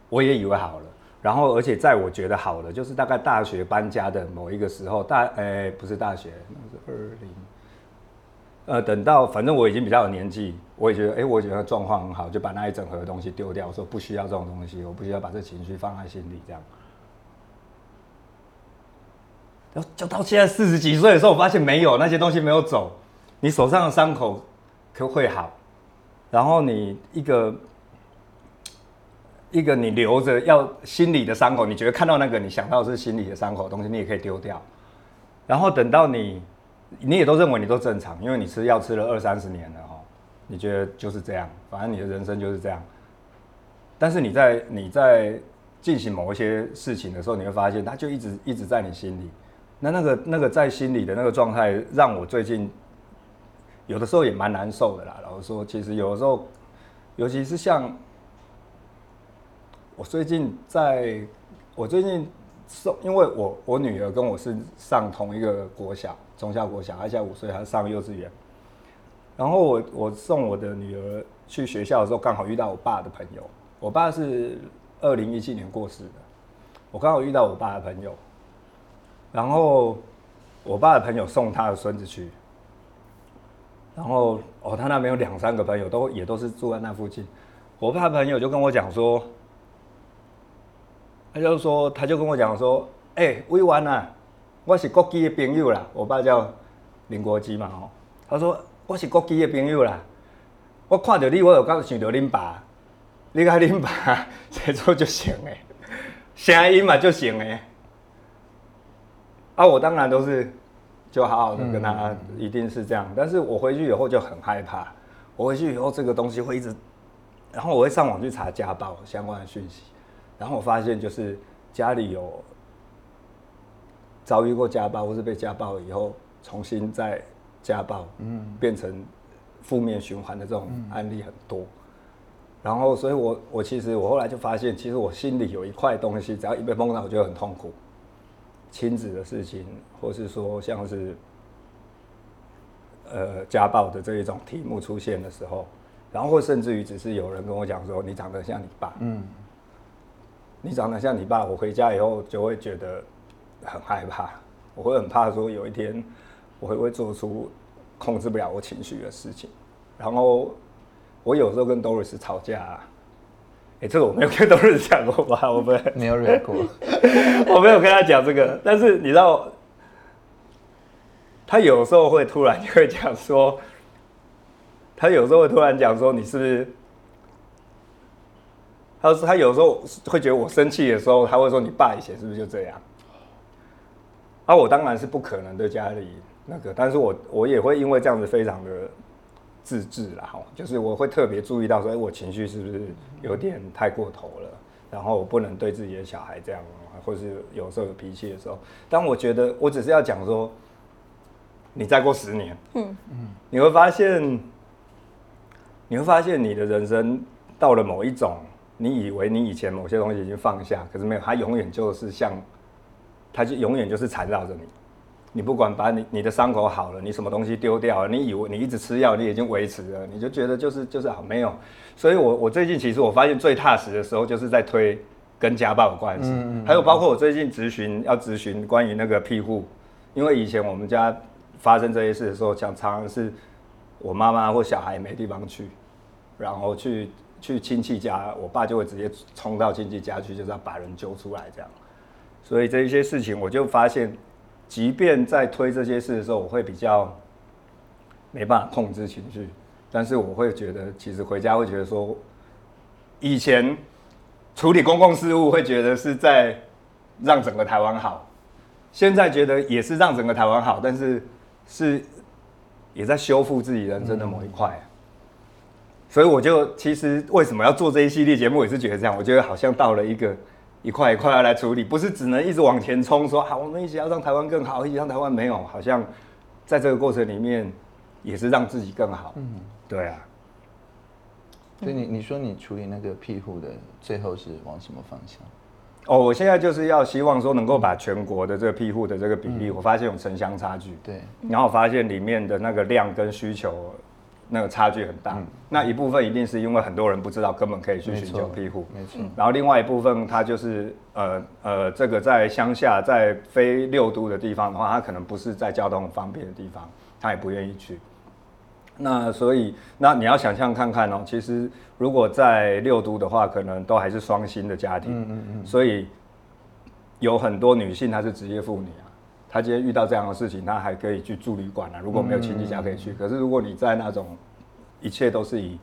我也以為好了。然後而且在我覺得好了，就是大概大學搬家的某一個時候大，大哎，不是大學，那是二零。呃，等到反正我已經比較有年紀，我也覺得，哎，我覺得狀況很好，就把那一整盒的東西丟掉，說不需要這種東西，我不需要把這情緒放在心裡這樣。就就到現在四十幾歲的時候，我發現沒有那些東西沒有走，你手上的傷口可會好，然後你一個一個你留着要心理的傷口，你覺得看到那個你想到是心理的傷口東西，你也可以丟掉，然後等到你。你也都認為你都正常，因為你吃藥吃了二三十年了哦、喔，你覺得就是這樣，反正你的人生就是這樣。但是你在你在進行某一些事情的時候，你會發現它就一直一直在你心裡。那那個那個在心裡的那個狀態，讓我最近有的時候也蠻難受的啦。然後說，其實有的時候，尤其是像我最近在，我最近受，因為我我女兒跟我是上同一個國小。從小國小，現在五歲，還上幼稚園。然後我我送我的女兒去學校的時候，剛好遇到我爸的朋友。我爸是二零一七年過世的，我剛好遇到我爸的朋友。然後我爸的朋友送他的孫子去，然後哦，他那邊有兩三個朋友，都也都是住在那附近。我爸的朋友就跟我講說，說，他就說他就跟我講說，哎、欸，未完啊。我是國基的朋友啦，我爸叫林國基嘛哦、喔，他說我是國基的朋友啦，我看到你我有剛想到恁爸，你看恁爸在做就行了，聲音嘛就行了。啊，我當然都是就好好的跟他，一定是這樣。但是我回去以後就很害怕，我回去以後這個東西會一直，然後我會上網去查家暴相關的訊息，然後我發現就是家裡有。遭遇過家暴或是被家暴以後，重新再家暴，嗯，變成負面循環的這種案例很多。然後，所以我我其實我後來就發現，其實我心裡有一塊東西，只要一被碰到，我就會很痛苦。親子的事情，或是說像是呃家暴的這一種題目出現的時候，然後甚至於只是有人跟我講說你長得像你爸，嗯，你長得像你爸，我回家以後就會覺得。很害怕，我會很怕說有一天我會不會做出控制不了我情緒的事情。然後我有時候跟 Doris 吵架，誒、欸，這個我沒有跟 Doris 講過吧？我沒有聊過， 我沒有跟他講這個。但是你知道，他有時候會突然就會講說，他有時候會突然講說你是不是？他說他有時候會覺得我生氣的時候，他會說你爸以前是不是就這樣？啊，我當然是不可能對家裡那個，但是我我也會因為這樣子非常的自制啦。哈，就是我會特別注意到說，哎，我情緒是不是有點太過頭了？然後我不能對自己的小孩這樣，或是有時候有脾氣的時候，但我覺得我只是要講說，你再過十年，嗯嗯，你會發現，你會發現你的人生到了某一種，你以為你以前某些東西已經放下，可是沒有，它永遠就是像。他就永遠就是纏繞着你，你不管把你你的傷口好了，你什麼東西丟掉了，你以為你一直吃藥，你已經維持了，你就覺得就是就是好、啊、沒有。所以我我最近其實我發現最踏實的時候就是在推跟家暴有關係，還有包括我最近質詢要質詢關於那個庇護，因為以前我們家發生這些事的時候，常常是我媽媽或小孩沒地方去，然後去去親戚家，我爸就會直接衝到親戚家去，就是要把人揪出來這樣。所以這些事情，我就發現，即便在推這些事的時候，我會比較沒辦法控制情緒，但是我會覺得，其實回家會覺得說，以前處理公共事務會覺得是在讓整個台灣好，現在覺得也是讓整個台灣好，但是是也在修復自己人生的某一塊。所以我就其實為什麼要做這一系列節目，也是覺得這樣，我覺得好像到了一個。一塊一塊要來處理，不是只能一直往前衝。說好，我們一起要讓台灣更好，一起讓台灣沒有好像在這個過程裡面也是讓自己更好。嗯，對啊。嗯、所以你你說你處理那個庇護的最後是往什麼方向？哦，我現在就是要希望說能夠把全國的這個庇護的這個比例，嗯、我發現有城鄉差距。對，然後我發現裡面的那個量跟需求。那個差距很大，嗯，那一部分一定是因為很多人不知道根本可以去尋求庇護，沒錯，嗯。然後另外一部分，他就是呃呃，這個在鄉下，在非六都的地方的話，他可能不是在交通方便的地方，他也不願意去，嗯。那所以，那你要想象看看哦，其實如果在六都的話，可能都還是雙薪的家庭，嗯，嗯嗯。所以有很多女性她是職業婦女，啊。他今天遇到這樣的事情，他還可以去住旅館啊。如果沒有親戚家可以去，嗯，可是如果你在那種，一切都是以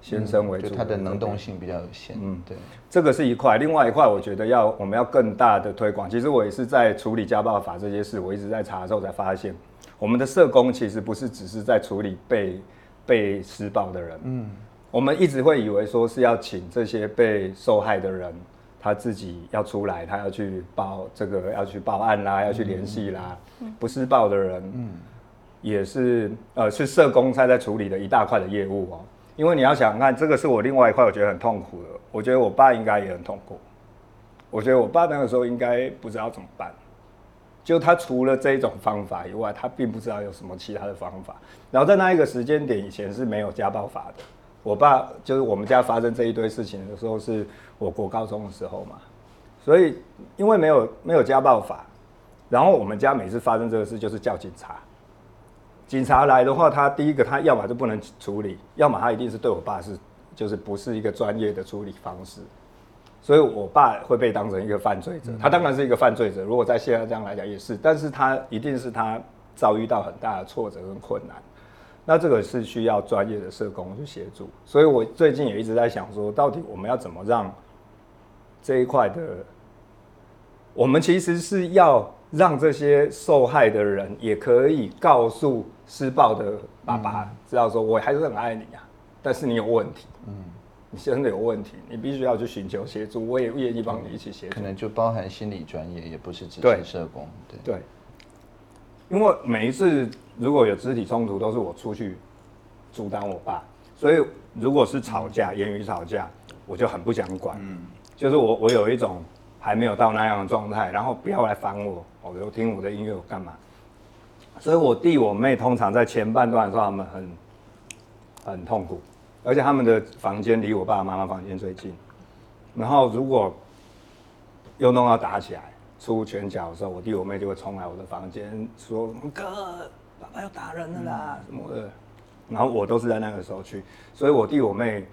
先生為主，嗯，他的能動性比較有限。嗯，對，這個是一塊。另外一塊，我覺得要我們要更大的推廣。其實我也是在處理家暴法這些事，我一直在查的時候才發現，我們的社工其實不是只是在處理被被施暴的人。嗯，我們一直會以為說是要請這些被受害的人。他自己要出來，他要去報這個，要去報案啦，要去聯繫啦。嗯、不施暴的人，嗯、也是呃，是社工才在處理的一大塊的業務哦。因為你要想想看，這個是我另外一塊我覺得很痛苦的。我覺得我爸應該也很痛苦。我覺得我爸那個時候應該不知道怎麼辦。就他除了這一種方法以外，他並不知道有什麼其他的方法。然後在那一個時間點以前是沒有家暴法的。我爸就是我們家發生這一堆事情的時候，是我國高中的時候嘛，所以因為沒有沒有家暴法，然後我們家每次發生這個事就是叫警察，警察來的話，他第一個他要麼就不能處理，要麼他一定是對我爸是就是不是一個專業的處理方式，所以我爸會被當成一個犯罪者。他當然是一個犯罪者，如果在現在這樣來講也是，但是他一定是他遭遇到很大的挫折跟困難。那這個是需要專業的社工去協助，所以我最近也一直在想說，到底我們要怎麼讓這一塊的，我們其實是要讓這些受害的人也可以告訴施暴的爸爸，知道說，我還是很愛你啊，但是你有問題，嗯，你真的有問題，你必須要去尋求協助，我也願意幫你一起協助，嗯，可能就包含心理專業，也不是只是社工，對。對因為每一次如果有肢體衝突，都是我出去阻擋我爸，所以如果是吵架、言語吵架，我就很不想管。嗯，就是我，我有一種還沒有到那樣的狀態，然後不要來煩我，我就聽我的音樂，我幹嘛？所以我弟我妹通常在前半段的時候，他們很很痛苦，而且他們的房間離我爸爸媽媽房間最近，然後如果又弄到打起來。出拳腳的時候，我弟我妹就會衝來我的房間說：“哥，爸爸要打人了啦、嗯、什麼的。”然後我都是在那個時候去，所以我弟我妹，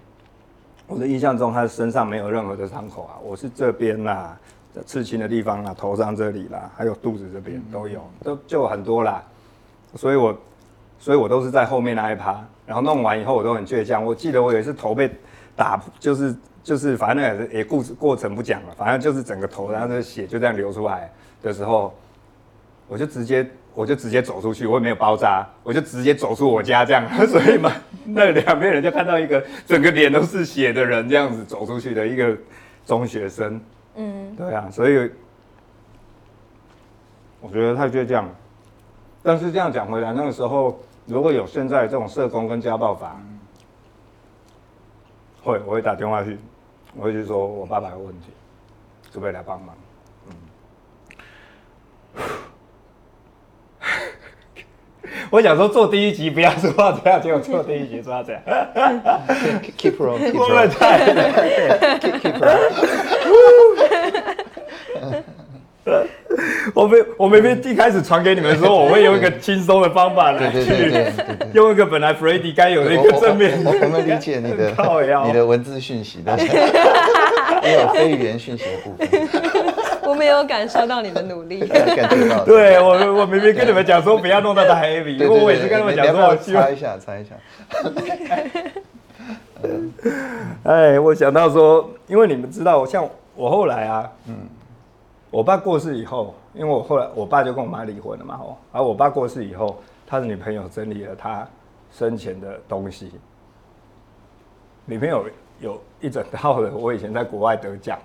我的印象中，他的身上沒有任何的傷口啊。我是這邊啦、啊，刺青的地方啦、啊，頭上這裡啦，還有肚子這邊都有，嗯嗯都就很多啦。所以我，所以我都是在後面那一趴。然後弄完以後，我都很倔強。我記得我有一次頭被打，就是。就是反正也、那個欸、故事過程不講了，反正就是整個頭，然後那個血就這樣流出來的時候，我就直接我就直接走出去，我也沒有包紮，我就直接走出我家這樣，所以嘛，那兩邊人就看到一個整個臉都是血的人這樣子走出去的一個中學生，嗯，對啊，所以我覺得他就這樣，但是這樣講回來，那個時候如果有現在這種社工跟家暴法，嗯、會我會打電話去。我就說，我爸爸有問題，準備來幫忙。嗯、 我想說做第一集不要說話，這樣。結果做第一集說話，這樣。哈哈哈哈哈。我 e 菜。哈哈哈哈哈。我沒，我明明一開始傳給你們說，我會用一個輕鬆的方法來去，用一個本來 Freddy 該有的一個正面，我能理解你的，你的文字訊息，但也有非語言訊息部分。我沒有感受到你的努力， 感受到 感。對，我我明明跟你們講說不要弄到他黑屏，因為我也是跟他們講說我，我猜一下，猜一下。哎、 嗯，我想到說，因為你們知道，我像我後來啊，嗯。我爸過世以後，因為我後來我爸就跟我媽離婚了嘛，哦、啊，我爸過世以後，他的女朋友整理了他生前的東西，裡面有有一整套的我以前在國外得獎、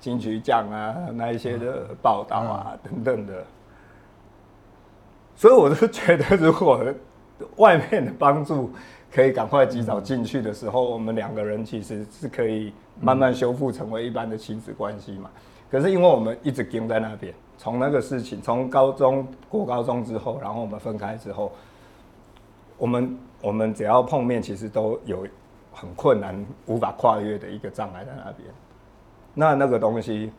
金曲獎啊、那一些的報道啊、嗯、等等的，所以我都覺得如果外面的幫助可以趕快及早進去的時候，嗯、我們兩個人其實是可以慢慢修復成為一般的親子關係嘛。可是因為我們一直跟在那邊，從那個事情，從高中過高中之後，然後我們分開之後，我們我們只要碰面，其實都有很困難、無法跨越的一個障礙在那邊。那那個東西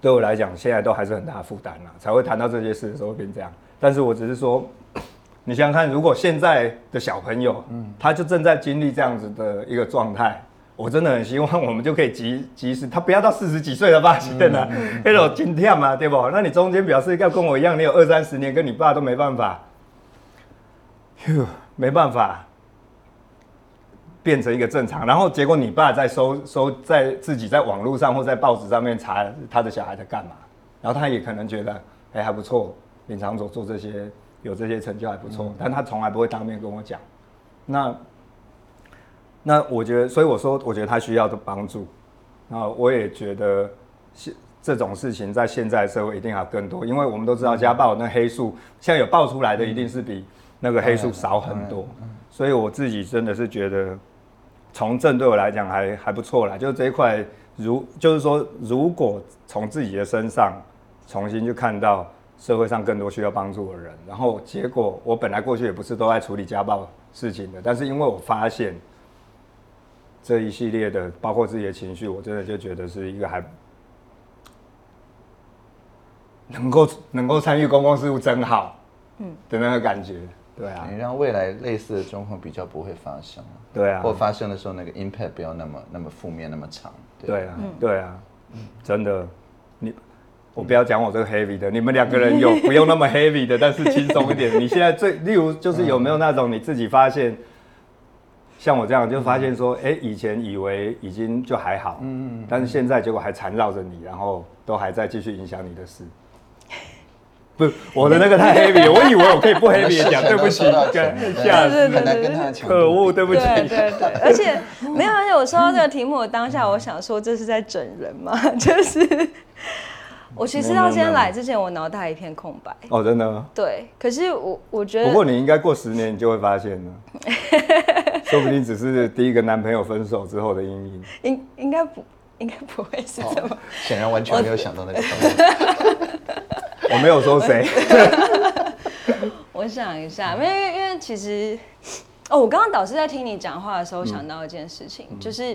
對我來講，現在都還是很大負擔了，才會談到這些事的時候變這樣。但是我只是說，你想想看，如果現在的小朋友，他就正在經歷這樣子的一個狀態。我真的很希望我們就可以及及時，他不要到四十幾歲了吧？真、嗯、的，嗯、 那種驚天嘛，對不？那你中間表示要跟，跟我一樣，你有二三十年，跟你爸都沒辦法，喲，沒辦法，變成一個正常。然後結果你爸在收收在自己在網絡上或在報紙上面查他的小孩在幹嘛，然後他也可能覺得，哎、欸、還不錯，勉強做做這些，有這些成就還不錯、嗯，但他從來不會當面跟我講，那。那我覺得，所以我說，我覺得他需要的幫助，那我也覺得現這種事情在現在的社會一定還有更多，因為我們都知道家暴那黑數，現在有爆出來的一定是比那個黑數少很多，所以我自己真的是覺得從政對我來講還還不錯啦。就是這一塊，如就是說如果從自己的身上重新去看到社會上更多需要幫助的人，然後結果我本來過去也不是都在處理家暴事情的，但是因為我發現。這一系列的，包括自己的情緒，我真的就覺得是一個還能夠能夠參與公共事務真好，嗯的那個感覺、嗯。對啊，你讓未來類似的狀況比較不會發生。對啊。或發生的時候，那個 impact 不要那麼那麼負面，那麼長。對，對啊，對啊，嗯、真的，你我不要講我這個 heavy 的，嗯、你們兩個人有 不用那麼 heavy 的，但是輕鬆一點。你現在最，例如就是有沒有那種你自己發現？像我這樣就發現說，哎、欸，以前以為已經就還好，嗯嗯，但是現在結果還纏繞着你，然後都還在繼續影響你的事。不我的那個太 heavy，我以為我可以不 heavy 講，對不起，對對對對，可惡，對不起，對對，而且沒有，而且我說到這個題目，當下我想說這是在整人嗎？就是我其實到今天來之前，我腦袋一片空白。哦，真的嗎？對，可是我我覺得，不過你應該過十年你就會發現了。 說不定只是第一個男朋友分手之後的陰影，應該應該不應該不會是這麼，哦，顯然完全沒有想到那個方面。我，我沒有說誰。我，我， 我想一下，因為因為其實哦，我剛剛倒是在聽你講話的時候想到一件事情，嗯、就是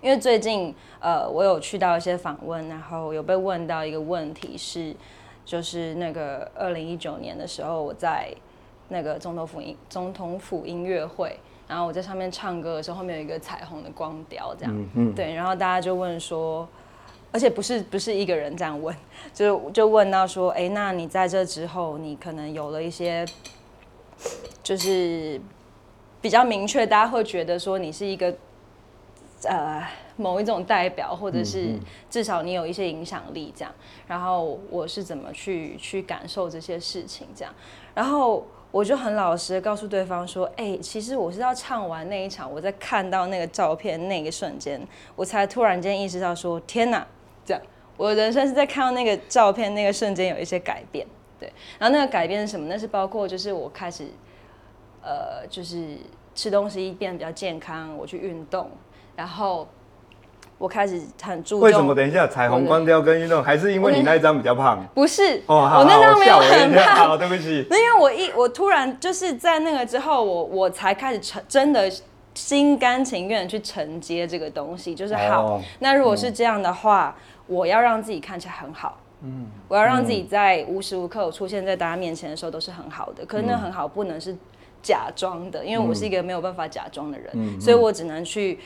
因為最近呃，我有去到一些訪問，然後有被問到一個問題是，就是那個二零一九年的時候，我在那個總統府音總統府音樂會。然後我在上面唱歌的時候，後面有一個彩虹的光雕，這樣，嗯，對。然後大家就問說，而且不是不是一個人這樣問，就就問到說，哎、欸，那你在這之後，你可能有了一些，就是比較明確，大家會覺得說你是一個呃某一種代表，或者是至少你有一些影響力，這樣。然後我是怎麼去去感受這些事情，這樣。然後。我就很老實的告訴對方說：“欸，其實我是要唱完那一場，我在看到那個照片那一瞬間，我才突然間意識到說，天哪！這樣，我人生是在看到那個照片那個瞬間有一些改變。對，然後那個改變是什麼呢？是包括就是我開始，呃，就是吃東西變得比較健康，我去運動，然後。”我開始很注重為什麼？等一下，彩虹光雕跟運動，還是因為你那一張比較胖？Okay. 不是，oh, 好好好，我那張沒有很胖。對不起。那因為我一我突然就是在那個之後，我我才開始承真的心甘情願去承接這個東西，就是好。Oh, 那如果是這樣的話，嗯，我要讓自己看起來很好，嗯，我要讓自己在無時無刻我出現在大家面前的時候都是很好的。可是那很好不能是假裝的，因為我是一個沒有辦法假裝的人，嗯，所以我只能去。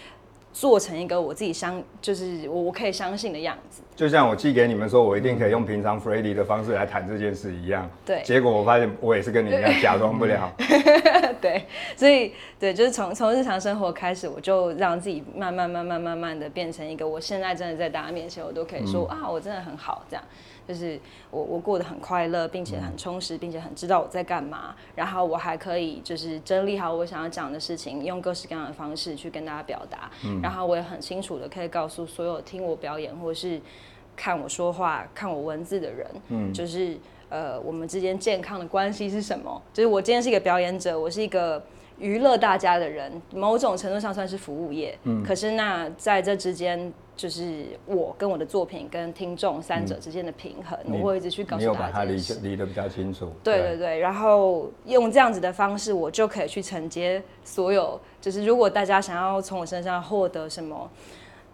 做成一個我自己相，就是我可以相信的樣子。就像我寄給你們說，我一定可以用平常 Freddy 的方式來談這件事一樣。對，結果我發現我也是跟你們一樣，假裝不了 。對，所以對，就是從從日常生活開始，我就讓自己慢慢慢慢慢慢的變成一個，我現在真的在大家面前，我都可以說、嗯、啊，我真的很好這樣。就是我，我過得很快樂，並且很充實，並且很知道我在幹嘛。嗯，然後我還可以就是整理好我想要講的事情，用各式各樣的方式去跟大家表達。嗯，然後我也很清楚的可以告訴所有聽我表演或是看我說話、看我文字的人，嗯，就是呃，我們之間健康的關係是什麼？就是我今天是一個表演者，我是一個娛樂大家的人，某種程度上算是服務業。嗯，可是那在這之間。就是我跟我的作品跟聽眾三者之間的平衡，我會一直去告訴他這件事。你有把它理理得比較清楚？對對對，然後用這樣子的方式，我就可以去承接所有，就是如果大家想要從我身上獲得什麼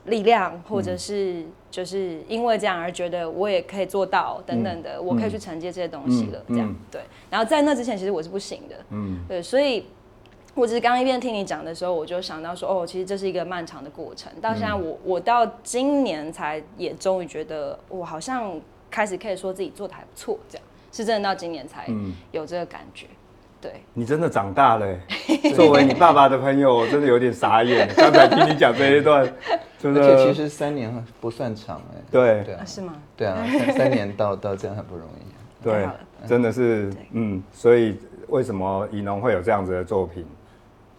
力量，或者是就是因為這樣而覺得我也可以做到等等的，我可以去承接這些東西了。這樣對。然後在那之前，其實我是不行的。嗯，對，所以。我只是剛一邊聽你講的時候，我就想到說，哦，其實這是一個漫長的過程。到現在我，我我到今年才也終於覺得，我好像開始可以說自己做的還不錯，這樣是真的。到今年才有這個感覺，嗯、對。你真的長大了。作為你爸爸的朋友，我真的有點傻眼。剛 才聽你講這一段，真的。而且其實三年不算長哎。對對啊？是嗎？對啊，三年到到這樣很不容易、啊。對、嗯，真的是嗯，所以為什麼宜農會有這樣子的作品？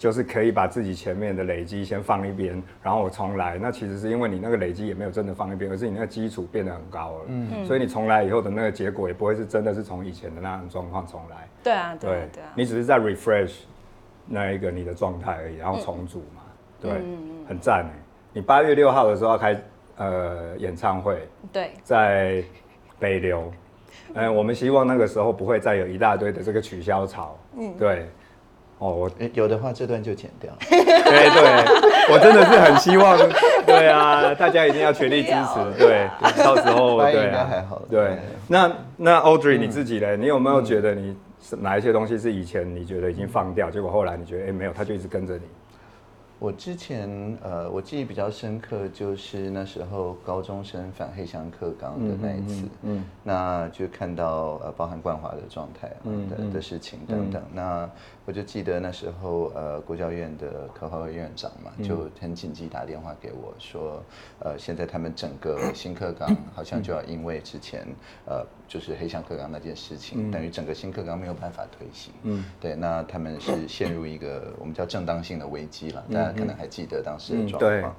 就是可以把自己前面的累積先放一邊，然後我重來。那其實是因為你那個累積也沒有真的放一邊，而是你那個基礎變得很高了。嗯。所以你重來以後的那個結果也不會是真的是從以前的那種狀況重來。對啊，對對，對啊。你只是在 refresh 那一個你的狀態而已，然後重組嘛。嗯、對，很讚。你八月六號的時候要開、呃、演唱會。對。在北流、嗯、欸。我們希望那個時候不會再有一大堆的這個取消潮。嗯，對。哦，我、嗯、有的話這段就剪掉。對對，我真的是很希望，對啊，大家一定要全力支持。啊、對，對，到時候對、啊、對還好。對，對那那 Audrey、嗯、你自己嘞，你有沒有覺得你哪一些東西是以前你覺得已經放掉，嗯、結果後來你覺得哎、欸、沒有，他就一直跟着你？我之前呃，我記憶比較深刻就是那時候高中生反黑箱課綱的那一次，嗯，嗯嗯，那就看到呃包含冠華的狀態、啊嗯、的的事情等等，嗯、那。我就記得那時候，呃，國教院的科發委院長嘛，就很緊急打電話給我說，呃，現在他們整個新課綱好像就要因為之前，呃，就是黑箱課綱那件事情，嗯、等於整個新課綱沒有辦法推行。嗯，對，那他們是陷入一個我們叫正當性的危機了、嗯。大家可能還記得當時的狀況。嗯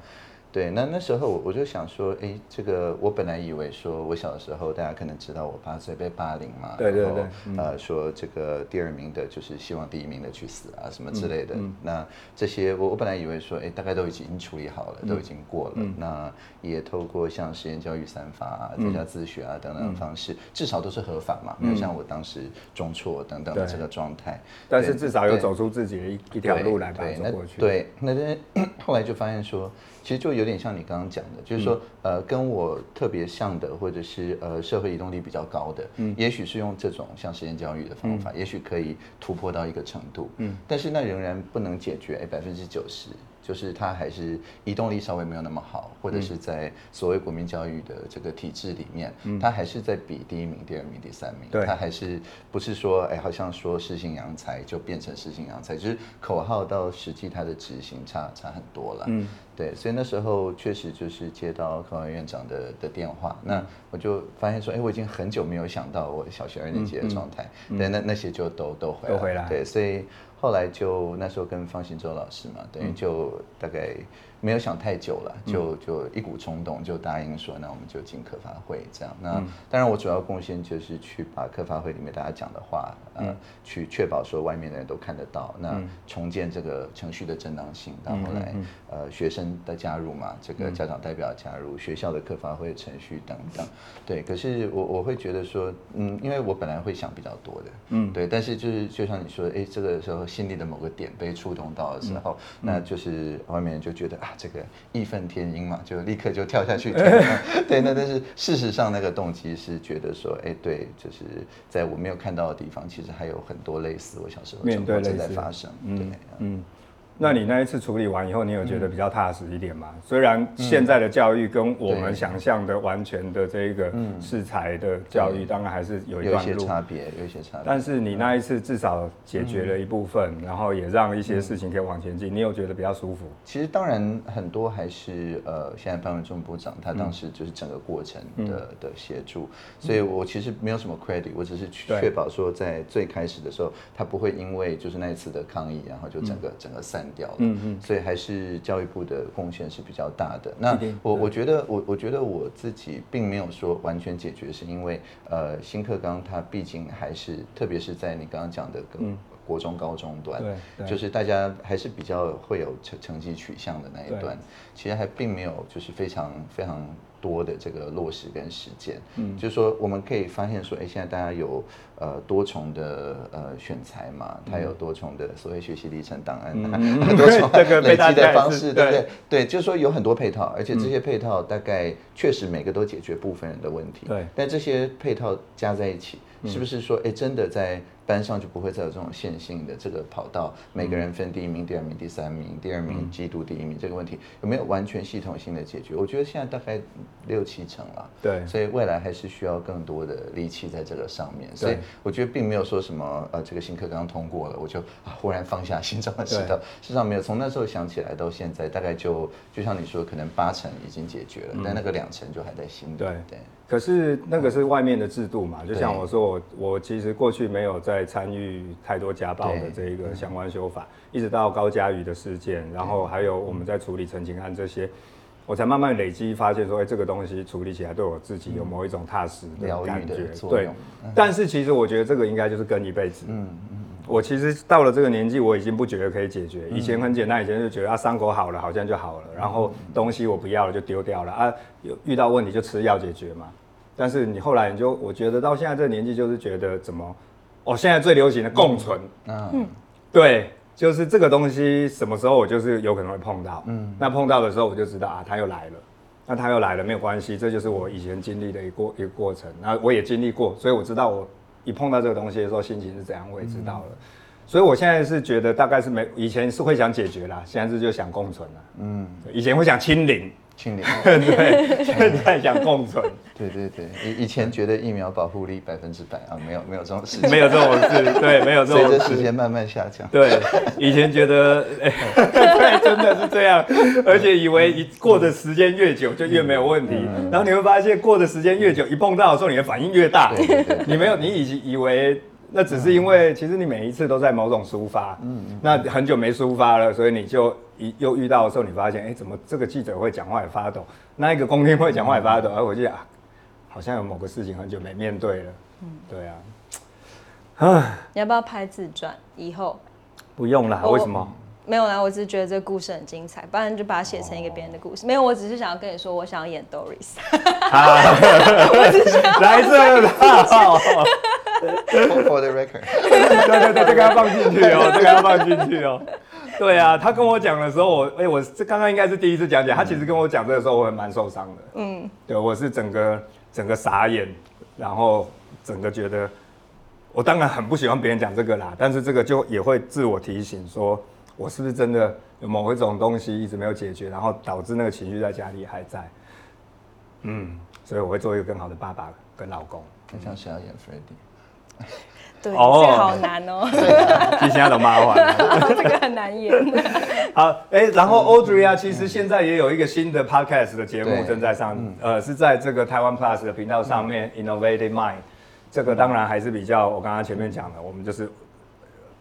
對，那那時候我我就想說，哎，這個我本來以為說，我小時候大家可能知道我八歲被霸凌嘛，對對對、嗯，呃，說這個第二名的就是希望第一名的去死啊，什麼之類的。嗯嗯、那這些我我本來以為說，哎，大概都已經處理好了，嗯、都已經過了、嗯。那也透過像實驗教育三法啊、在、嗯、家自學啊等等的方式、嗯，至少都是合法嘛，嗯、沒有像我當時中輟等等的這個狀態。但是至少有走出自己的一一條路來，把它走過去。對，對那那後來就發現說。其實就有點像你剛剛講的，就是說，嗯、呃，跟我特別像的，或者是呃，社會移動力比較高的，嗯、也許是用這種像實驗教育的方法、嗯，也許可以突破到一個程度，嗯，但是那仍然不能解決，哎，百分之九十就是他還是移動力稍微沒有那麼好，或者是在所謂國民教育的這個體制裡面，嗯、它他還是在比第一名、第二名、第三名，對、嗯，他還是不是說，哎，好像說適性揚才就變成適性揚才，就是口號到實際它的執行差差很多了，嗯。對，所以那時候確實就是接到康文院長的的電話，那我就發現說，哎，我已經很久沒有想到我小學二年級的狀態，嗯、對，嗯、那那些就都都回來了，都回來，對，所以後來就那時候跟方新舟老師嘛，等於就大概。沒有想太久了，就就一股衝動就答應說，那我們就進課發會，這樣。那當然我主要貢獻就是去把課發會裡面大家講的話，呃，去確保說外面的人都看得到，那重建這個程序的正當性。到後來，呃，學生的加入嘛，這個家長代表加入，學校的課發會程序等等。對，可是我我會覺得說，嗯，因為我本來會想比較多的，嗯，對，但是就是就像你說，哎、欸，這個時候心裡的某個點被觸動到的時候、嗯，那就是外面就覺得。這個義憤填膺嘛，就立刻就跳下去。欸、 對，那但是事實上，那個動機是覺得說，哎、欸，對，就是在我沒有看到的地方，其實還有很多類似我小時候狀況正在發生。對,對、啊，嗯。嗯那你那一次處理完以後，你有覺得比較踏實一點嗎？嗯、雖然現在的教育跟我們想象的完全的這個適才的教育，當然還是有一些差別，有一些差別。但是你那一次至少解決了一部分，嗯、然後也讓一些事情可以往前進、嗯。你有覺得比較舒服？其實當然很多還是呃，現在潘文忠部長他當時就是整個過程的，嗯、的協助、嗯，所以我其實沒有什麼 credit，我只是確保說在最開始的時候，他不會因為就是那一次的抗議，然後就整個，嗯、整個散。掉了，嗯，所以還是教育部的貢獻是比較大的。那我我覺得，我我覺得我自己並沒有說完全解決，是因為呃新課綱它畢竟還是，特別是在你剛剛講的國國中高中段，嗯，就是大家還是比較會有成成績取向的那一段，其實還並沒有就是非常非常。多的這個落實跟實踐，嗯，就是說我們可以發現說，哎、欸，現在大家有呃多重的呃選材嘛，它、嗯、有多重的所謂學習歷程檔案，很、嗯、多種的累積的方式，嗯、對不對？對，就是說有很多配套，而且這些配套大概確實每個都解決部分人的問題，對、嗯，但這些配套加在一起，是不是說、欸，真的在班上就不會再有這種線性的這個跑道，每個人分第一名、嗯、第二名、第三名，第二名嫉妒、嗯、第一名這個問題有沒有完全系統性的解決？我覺得現在大概六七成了，對，所以未來還是需要更多的力氣在這個上面。所以我覺得並沒有說什麼，呃，這個新課剛通過了，我就、啊、忽然放下心中的石頭。事實上沒有，從那時候想起來到現在，大概就就像你說，可能八成已經解決了，嗯、但那個兩成就還在心裡。對。對可是那個是外面的制度嘛，就像我說我，我我其實過去沒有在參與太多家暴的這一個相關修法，嗯、一直到高嘉瑜的事件，然後還有我們在處理陳情案這些，我才慢慢累積發現說，哎、欸，這個東西處理起來對我自己有某一種踏實的感覺。嗯、對、嗯，但是其實我覺得這個應該就是跟一輩子。嗯。我其實到了這個年紀，我已經不覺得可以解決。以前很簡單，以前就覺得啊，傷口好了好像就好了，然後東西我不要了就丟掉了啊，有遇到問題就吃藥解決嘛。但是你後來你就，我覺得到現在這個年紀就是覺得怎麼，哦，現在最流行的共存，嗯，對，就是這個東西什麼時候我就是有可能會碰到，嗯，那碰到的時候我就知道啊，它又來了，那它又來了沒有關係，這就是我以前經歷的一個過一個過程，那我也經歷過，所以我知道我。一碰到這個東西的時候，心情是怎樣，我也知道了。嗯。所以我現在是覺得，大概是沒以前是會想解決啦，現在是就想共存了。嗯，以前會想清零。清零， 對，現在想共存， 對對對，以以前覺得疫苗保護力百分之百啊，沒有沒有這種事情，沒有這種事情，對，沒有這種事情， 時間慢慢下降，對，以前覺得，欸、 真的是這樣，而且以為一過的時間越久就越沒有問題， 嗯嗯、然後你會發現過的時間越久，一碰到的時候你的反應越大， 對對對對你沒有，你以以為。那只是因為，其實你每一次都在某種抒發，嗯，那很久沒抒發了，所以你就一又遇到的時候，你發現，哎、欸，怎麼這個記者會講話也發抖，那一個公聽會講話也發抖，哎、嗯，我覺得啊，好像有某個事情很久沒面對了，嗯、對啊，啊，你要不要拍自傳？以後不用啦，為什麼？沒有啦，我只是覺得這個故事很精彩，不然就把它寫成一個別人的故事。哦，沒有，我只是想要跟你說，我想要演 Doris。好、啊， 來真著的、 啊哦。For the record. 對對對，這個要放進去哦， 這個要放進去哦。 對啊，他跟我講的時候，我哎、欸，我這剛剛應該是第一次講講。他其實跟我講這個的時候，我也蠻受傷的。嗯，對，我是整個整個傻眼，然後整個覺得，我當然很不喜歡別人講這個啦，但是這個就也會自我提醒說，我是不是真的有某一種東西一直沒有解決，然後導致那個情緒在家裡還在？嗯，所以我會做一個更好的爸爸，跟老公。你想想要演 Freddy 對、oh, 這好難、喔、 哦。比現他都媽媽。這個很難演。 好，哎、欸，然後 Audrey 啊，其實現在也有一個新的 Podcast 的節目正在上、嗯，呃，是在這個 Taiwan Plus 的頻道上面、嗯、，Innovated Mind。這個當然還是比較我剛剛前面講的，我們就是。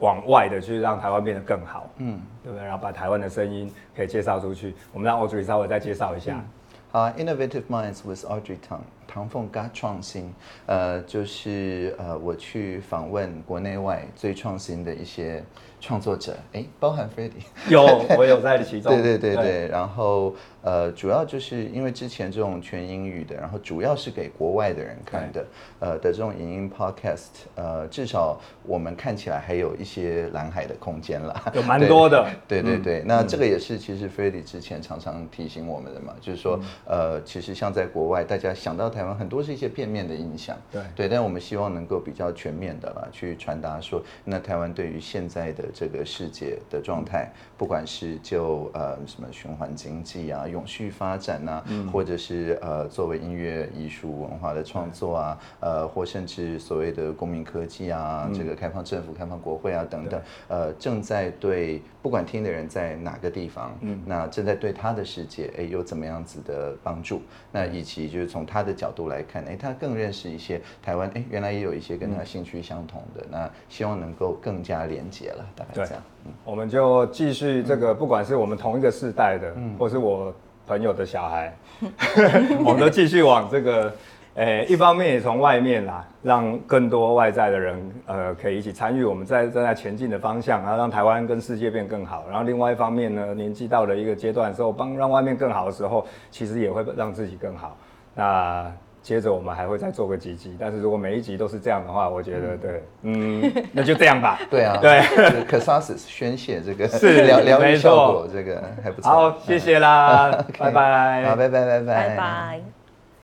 往外的去讓台灣變得更好，嗯，對不對？然後把台灣的聲音可以介紹出去。我們讓 Audrey 稍微再介紹一下。好、嗯 uh,，Innovative Minds with Audrey Tang 唐鳳嘎創新，呃，就是呃，我去訪問國內外最創新的一些創作者，誒，包含 Freddy 有， 我有在其中，對對對對，對然後呃，主要就是因為之前這種全英語的，然後主要是給國外的人看的，呃的這種影音 podcast，呃，至少我們看起來還有一些藍海的空間了，有蠻多的， 對，對對對，對，嗯，那這個也是其實 Freddy 之前常常提醒我們的嘛，嗯、就是說呃，其實像在國外，大家想到。台灣很多是一些片面的印象，對，對，但我們希望能夠比較全面的啦，去傳達說，那台灣對於現在的這個世界的狀態，不管是就呃什麼循環經濟啊、永續發展吶、啊嗯，或者是呃作為音樂藝術文化的創作啊，呃或甚至所謂的公民科技啊、嗯，這個開放政府、開放國會啊等等，呃正在對不管聽的人在哪個地方，嗯、那正在對他的世界哎有怎麼樣子的幫助，嗯、那以及就是從他的。角度來看，哎、欸，他更認識一些台灣，哎、欸，原來也有一些跟他興趣相同的，嗯、那希望能夠更加連結了，大概這樣。嗯、我們就繼續這個，不管是我們同一個世代的，嗯、或是我朋友的小孩，嗯、 我們都繼續往這個，欸、一方面也從外面啦，讓更多外在的人，呃，可以一起參與我們在正在前進的方向，然後讓台灣跟世界變更好。然後另外一方面呢，年紀到了一個階段的時候，幫讓外面更好的時候，其實也會讓自己更好。那接着我們還會再做個幾集，但是如果每一集都是這樣的話，我覺得對，嗯，嗯 那就這樣吧。 對啊，對，可、就、算是、Cassus、宣洩這個， 是療療癒效果，這個還不錯。 好，謝謝啦，拜拜拜拜拜拜拜拜。